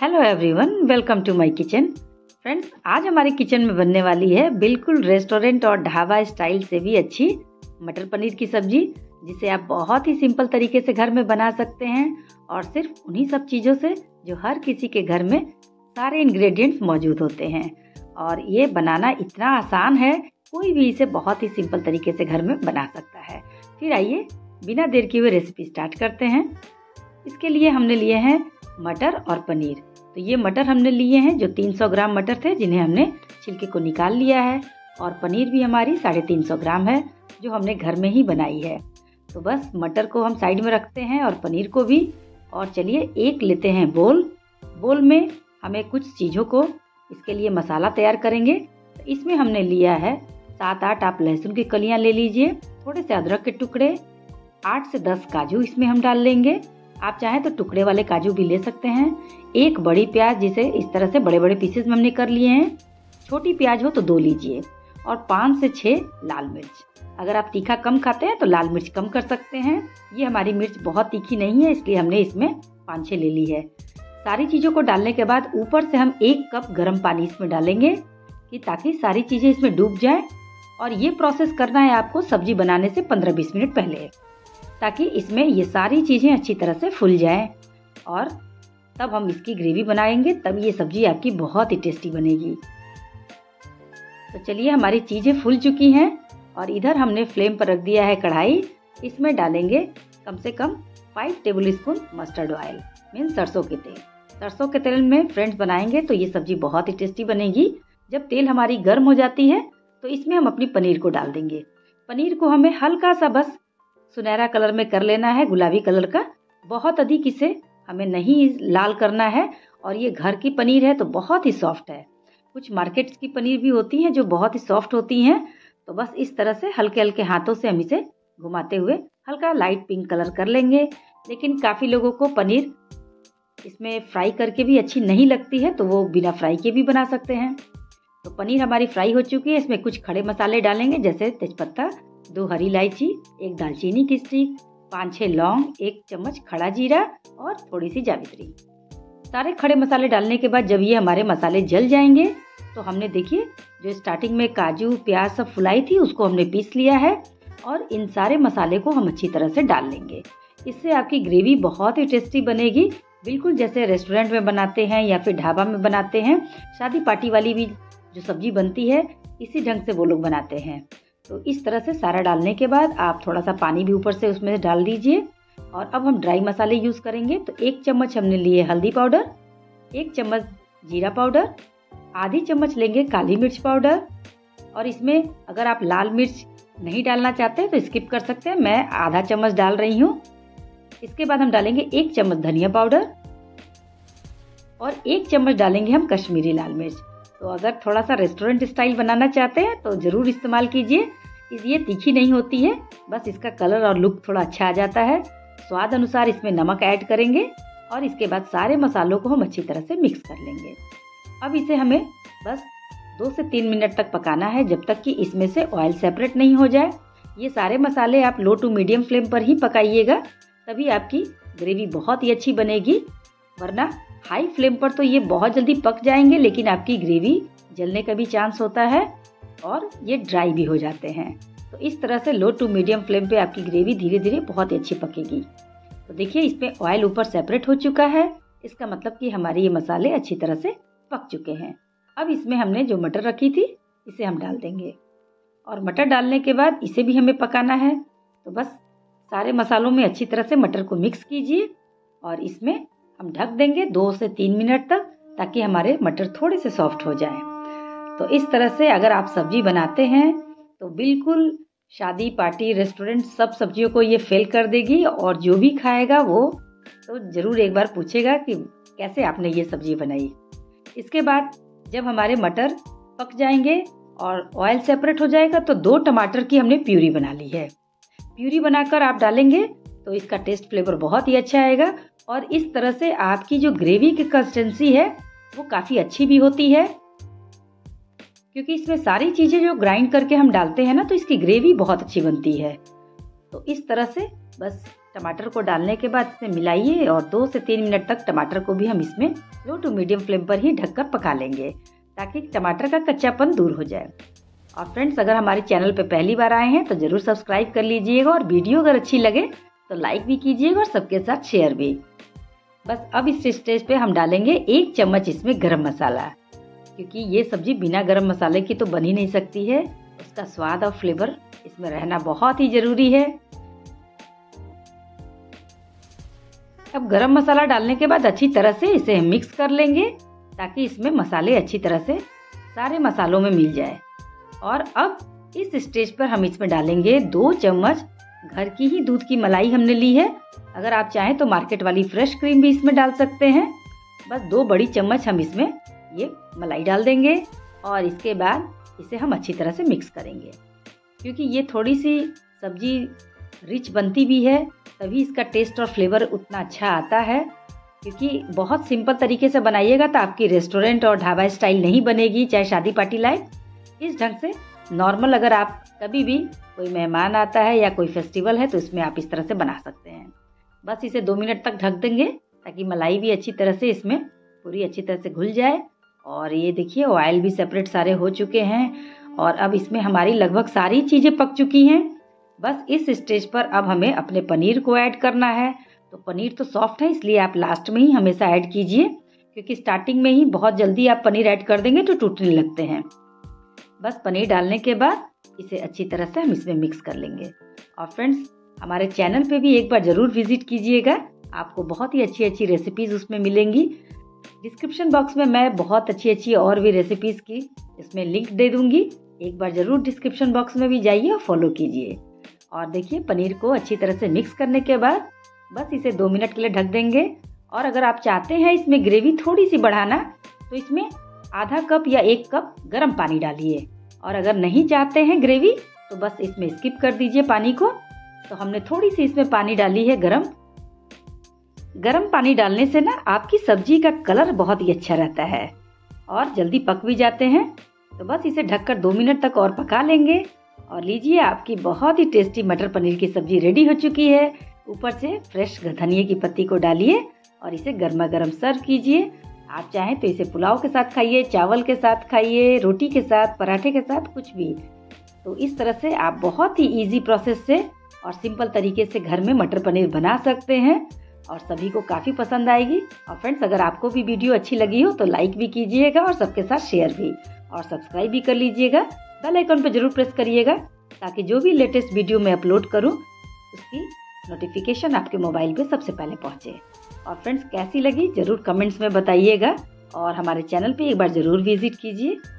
Hello everyone welcome to my kitchen friends आज हमारे kitchen में बनने वाली है बिल्कुल रेस्टोरेंट और ढाबा स्टाइल से भी अच्छी मटर पनीर की सब्जी जिसे आप बहुत ही सिंपल तरीके से घर में बना सकते हैं और सिर्फ उन्हीं सब चीज़ों से जो हर किसी के घर में सारे इंग्रेडिएंट्स मौजूद होते हैं और ये बनाना इतना आसान है कोई भी इसे बहुत ही सिंपल तरीके से घर में बना सकता है फिर आइए बिना देर के हुए रेसिपी स्टार्ट करते हैं इसके लिए हमने लिए हैं मटर और पनीर तो ये मटर हमने लिए हैं जो 300 ग्राम मटर थे जिन्हें हमने छिलके को निकाल लिया है और पनीर भी हमारी साढ़े तीन सौ ग्राम है जो हमने घर में ही बनाई है तो बस मटर को हम साइड में रखते हैं और पनीर को भी और चलिए एक लेते हैं बोल बोल में हमें कुछ चीज़ों को इसके लिए मसाला तैयार करेंगे तो इसमें हमने लिया है सात आठ आप लहसुन की कलियाँ ले लीजिए थोड़े से अदरक के टुकड़े आठ से दस काजू इसमें हम डाल लेंगे आप चाहें तो टुकड़े वाले काजू भी ले सकते हैं एक बड़ी प्याज जिसे इस तरह से बड़े बड़े पीसेस में हमने कर लिए हैं छोटी प्याज हो तो दो लीजिए और पाँच से छः लाल मिर्च अगर आप तीखा कम खाते हैं तो लाल मिर्च कम कर सकते हैं ये हमारी मिर्च बहुत तीखी नहीं है इसलिए हमने इसमें पाँच छः ले ली है सारी चीज़ों को डालने के बाद ऊपर से हम एक कप गर्म पानी इसमें डालेंगे कि ताकि सारी चीज़ें इसमें डूब जाए और ये प्रोसेस करना है आपको सब्जी बनाने से 15-20 मिनट पहले ताकि इसमें ये सारी चीज़ें अच्छी तरह से फूल जाएं और तब हम इसकी ग्रेवी बनाएंगे तब ये सब्ज़ी आपकी बहुत ही टेस्टी बनेगी तो चलिए हमारी चीज़ें फूल चुकी हैं और इधर हमने फ्लेम पर रख दिया है कढ़ाई इसमें डालेंगे कम से कम five tablespoon mustard oil mean सरसों के तेल सरसों के तेल में फ्रेंड्स बनाएंगे तो ये सब्जी बहुत ही टेस्टी बनेगी जब तेल हमारी गर्म हो जाती है तो इसमें हम अपनी पनीर को डाल देंगे पनीर को हमें हल्का सा बस सुनहरा कलर में कर लेना है गुलाबी कलर का बहुत अधिक इसे हमें नहीं लाल करना है और ये घर की पनीर है तो बहुत ही सॉफ्ट है कुछ मार्केट्स की पनीर भी होती हैं जो बहुत ही सॉफ्ट होती हैं तो बस इस तरह से हल्के हल्के हाथों से हम इसे घुमाते हुए हल्का लाइट पिंक कलर कर लेंगे लेकिन काफ़ी लोगों को पनीर इसमें फ्राई करके भी अच्छी नहीं लगती है तो वो बिना फ्राई के भी बना सकते हैं तो पनीर हमारी फ्राई हो चुकी है इसमें कुछ खड़े मसाले डालेंगे जैसे तेजपत्ता दो हरी इलायची एक दालचीनी की स्टिक पाँच छः लौंग एक चम्मच खड़ा जीरा और थोड़ी सी जावित्री सारे खड़े मसाले डालने के बाद जब ये हमारे मसाले जल जाएंगे तो हमने देखिए जो स्टार्टिंग में काजू प्याज सब फुलाई थी उसको हमने पीस लिया है और इन सारे मसाले को हम अच्छी तरह से डाल लेंगे इससे आपकी ग्रेवी बहुत ही टेस्टी बनेगी बिल्कुल जैसे रेस्टोरेंट में बनाते हैं या फिर ढाबा में बनाते हैं शादी पार्टी वाली भी जो सब्जी बनती है इसी ढंग से वो लोग बनाते हैं तो इस तरह से सारा डालने के बाद आप थोड़ा सा पानी भी ऊपर से उसमें डाल दीजिए और अब हम ड्राई मसाले यूज़ करेंगे तो एक चम्मच हमने लिए हल्दी पाउडर एक चम्मच जीरा पाउडर आधी चम्मच लेंगे काली मिर्च पाउडर और इसमें अगर आप लाल मिर्च नहीं डालना चाहते तो स्किप कर सकते हैं मैं आधा चम्मच डाल रही हूँ इसके बाद हम डालेंगे एक चम्मच धनिया पाउडर और एक चम्मच डालेंगे हम कश्मीरी लाल मिर्च तो अगर थोड़ा सा रेस्टोरेंट स्टाइल बनाना चाहते हैं तो ज़रूर इस्तेमाल कीजिए ये तीखी नहीं होती है बस इसका कलर और लुक थोड़ा अच्छा आ जाता है स्वाद अनुसार इसमें नमक ऐड करेंगे और इसके बाद सारे मसालों को हम अच्छी तरह से मिक्स कर लेंगे अब इसे हमें बस दो से तीन मिनट तक पकाना है जब तक कि इसमें से ऑयल सेपरेट नहीं हो जाए ये सारे मसाले आप लो टू मीडियम फ्लेम पर ही पकाइएगा तभी आपकी ग्रेवी बहुत ही अच्छी बनेगी वरना हाई फ्लेम पर तो ये बहुत जल्दी पक जाएंगे लेकिन आपकी ग्रेवी जलने का भी चांस होता है और ये ड्राई भी हो जाते हैं तो इस तरह से लो टू मीडियम फ्लेम पे आपकी ग्रेवी धीरे धीरे बहुत ही अच्छी पकेगी तो देखिए इसमें ऑयल ऊपर सेपरेट हो चुका है इसका मतलब कि हमारे ये मसाले अच्छी तरह से पक चुके हैं अब इसमें हमने जो मटर रखी थी इसे हम डाल देंगे और मटर डालने के बाद इसे भी हमें पकाना है तो बस सारे मसालों में अच्छी तरह से मटर को मिक्स कीजिए और इसमें हम ढक देंगे दो से तीन मिनट तक ताकि हमारे मटर थोड़े से सॉफ्ट हो जाएं। तो इस तरह से अगर आप सब्जी बनाते हैं तो बिल्कुल शादी पार्टी रेस्टोरेंट सब सब्जियों को ये फेल कर देगी और जो भी खाएगा वो तो ज़रूर एक बार पूछेगा कि कैसे आपने ये सब्जी बनाई इसके बाद जब हमारे मटर पक जाएंगे और ऑयल सेपरेट हो जाएगा तो दो टमाटर की हमने प्यूरी बना ली है प्यूरी बनाकर आप डालेंगे तो इसका टेस्ट फ्लेवर बहुत ही अच्छा आएगा और इस तरह से आपकी जो ग्रेवी की कंसिस्टेंसी है वो काफ़ी अच्छी भी होती है क्योंकि इसमें सारी चीज़ें जो ग्राइंड करके हम डालते हैं ना तो इसकी ग्रेवी बहुत अच्छी बनती है तो इस तरह से बस टमाटर को डालने के बाद इसे मिलाइए और दो से तीन मिनट तक टमाटर को भी हम इसमें लो टू मीडियम फ्लेम पर ही ढककर पका लेंगे ताकि टमाटर का कच्चापन दूर हो जाए और फ्रेंड्स अगर हमारे चैनल पर पहली बार आए हैं तो ज़रूर सब्सक्राइब कर लीजिएगा और वीडियो अगर अच्छी लगे तो लाइक भी कीजिएगा और सबके साथ शेयर भी बस अब इस स्टेज पे हम डालेंगे एक चम्मच इसमें गरम मसाला क्योंकि ये सब्जी बिना गरम मसाले की तो बन ही नहीं सकती है उसका स्वाद और फ्लेवर इसमें रहना बहुत ही ज़रूरी है अब गरम मसाला डालने के बाद अच्छी तरह से इसे मिक्स कर लेंगे ताकि इसमें मसाले अच्छी तरह से सारे मसालों में मिल जाए और अब इस स्टेज पर हम इसमें डालेंगे दो चम्मच घर की ही दूध की मलाई हमने ली है अगर आप चाहें तो मार्केट वाली फ्रेश क्रीम भी इसमें डाल सकते हैं बस दो बड़ी चम्मच हम इसमें ये मलाई डाल देंगे और इसके बाद इसे हम अच्छी तरह से मिक्स करेंगे क्योंकि ये थोड़ी सी सब्जी रिच बनती भी है तभी इसका टेस्ट और फ्लेवर उतना अच्छा आता है क्योंकि बहुत सिंपल तरीके से बनाइएगा तो आपकी रेस्टोरेंट और ढाबा स्टाइल नहीं बनेगी चाहे शादी पार्टी लाइक इस ढंग से नॉर्मल अगर आप कभी भी कोई मेहमान आता है या कोई फेस्टिवल है तो इसमें आप इस तरह से बना सकते हैं बस इसे दो मिनट तक ढक देंगे ताकि मलाई भी अच्छी तरह से इसमें पूरी अच्छी तरह से घुल जाए और ये देखिए ऑयल भी सेपरेट सारे हो चुके हैं और अब इसमें हमारी लगभग सारी चीज़ें पक चुकी हैं बस इस स्टेज पर अब हमें अपने पनीर को ऐड करना है तो पनीर तो सॉफ्ट है इसलिए आप लास्ट में ही हमेशा ऐड कीजिए क्योंकि स्टार्टिंग में ही बहुत जल्दी आप पनीर ऐड कर देंगे तो टूटने लगते हैं बस पनीर डालने के बाद इसे अच्छी तरह से हम इसमें मिक्स कर लेंगे और फ्रेंड्स हमारे चैनल पे भी एक बार ज़रूर विजिट कीजिएगा आपको बहुत ही अच्छी अच्छी रेसिपीज़ उसमें मिलेंगी डिस्क्रिप्शन बॉक्स में मैं बहुत अच्छी अच्छी और भी रेसिपीज़ की इसमें लिंक दे दूंगी एक बार ज़रूर डिस्क्रिप्शन बॉक्स में भी जाइए और फॉलो कीजिए और देखिए पनीर को अच्छी तरह से मिक्स करने के बाद बस इसे दो मिनट के लिए ढक देंगे और अगर आप चाहते हैं इसमें ग्रेवी थोड़ी सी बढ़ाना तो इसमें आधा कप या एक कप गर्म पानी डालिए और अगर नहीं चाहते हैं ग्रेवी तो बस इसमें स्किप कर दीजिए पानी को तो हमने थोड़ी सी इसमें पानी डाली है गर्म गर्म पानी डालने से ना आपकी सब्जी का कलर बहुत ही अच्छा रहता है और जल्दी पक भी जाते हैं तो बस इसे ढककर दो मिनट तक और पका लेंगे और लीजिए आपकी बहुत ही टेस्टी मटर पनीर की सब्जी रेडी हो चुकी है ऊपर से फ्रेश धनिए की पत्ती को डालिए और इसे गर्मा गर्म सर्व कीजिए आप चाहें तो इसे पुलाव के साथ खाइए चावल के साथ खाइए रोटी के साथ पराठे के साथ कुछ भी तो इस तरह से आप बहुत ही इजी प्रोसेस से और सिंपल तरीके से घर में मटर पनीर बना सकते हैं और सभी को काफ़ी पसंद आएगी और फ्रेंड्स अगर आपको भी वीडियो अच्छी लगी हो तो लाइक भी कीजिएगा और सबके साथ शेयर भी और सब्सक्राइब भी कर लीजिएगा बेल आइकन पर जरूर प्रेस करिएगा ताकि जो भी लेटेस्ट वीडियो मैं अपलोड करूँ उसकी नोटिफिकेशन आपके मोबाइल पे सबसे पहले पहुँचे और फ्रेंड्स कैसी लगी ज़रूर कमेंट्स में बताइएगा और हमारे चैनल पे एक बार ज़रूर विजिट कीजिए